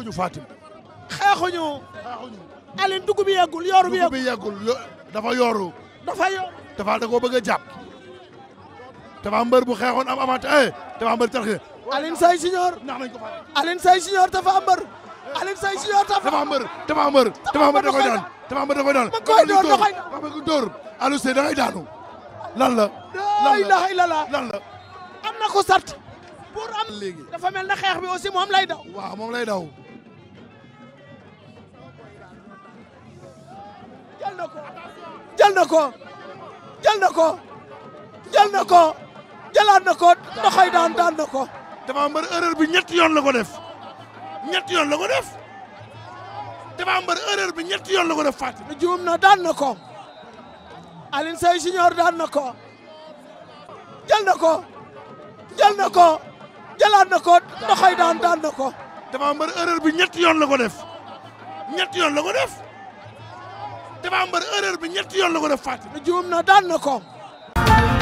xeexuñu Fatim. xeexuñu. xeexuñu. Aline dugub bi yeggul yooru bi yeggul dugub bi yeggul dafa yooru. dafa yooru. dafa da koo bëgg a jàpp. dafa mbër bu xeexoon am amante eh dafa mbër tarxe. Aline Seye Junior. ndax nañ ko Fatim. Aline Seye Junior dafa mbër. Aline Seye Junior dafa mbër. dafa mbër dafa mbër da koy daan dafa mbër da koy daan. ma koy dóor da koy daan ma koy dóor. Aliou Seye da ngay daanu. lan la. lan la lan la. am na ko sart. pour am. léegi dafa mel na xeex bi aussi moom lay daw. waaw moom lay daw. jël na ko jël na ko jël na ko jëlaat na ko doxoy daan daan na ko. Tapha Mbeur erreur bi ñetti yoon la ko def ñetti yoon la ko def Tapha Mbeur erreur bi ñetti yoon la ko def Fatou. juum na daan na ko Alioune Seye Junior daan na ko jël na ko jël na ko jëlaat na ko doxoy daan daan na ko. Tapha Mbeur erreur bi ñetti yoon la ko def ñetti yoon la ko def. dafa am mbër erreur bi ñetti yoon la ko def fàtte. juum na daan na ko.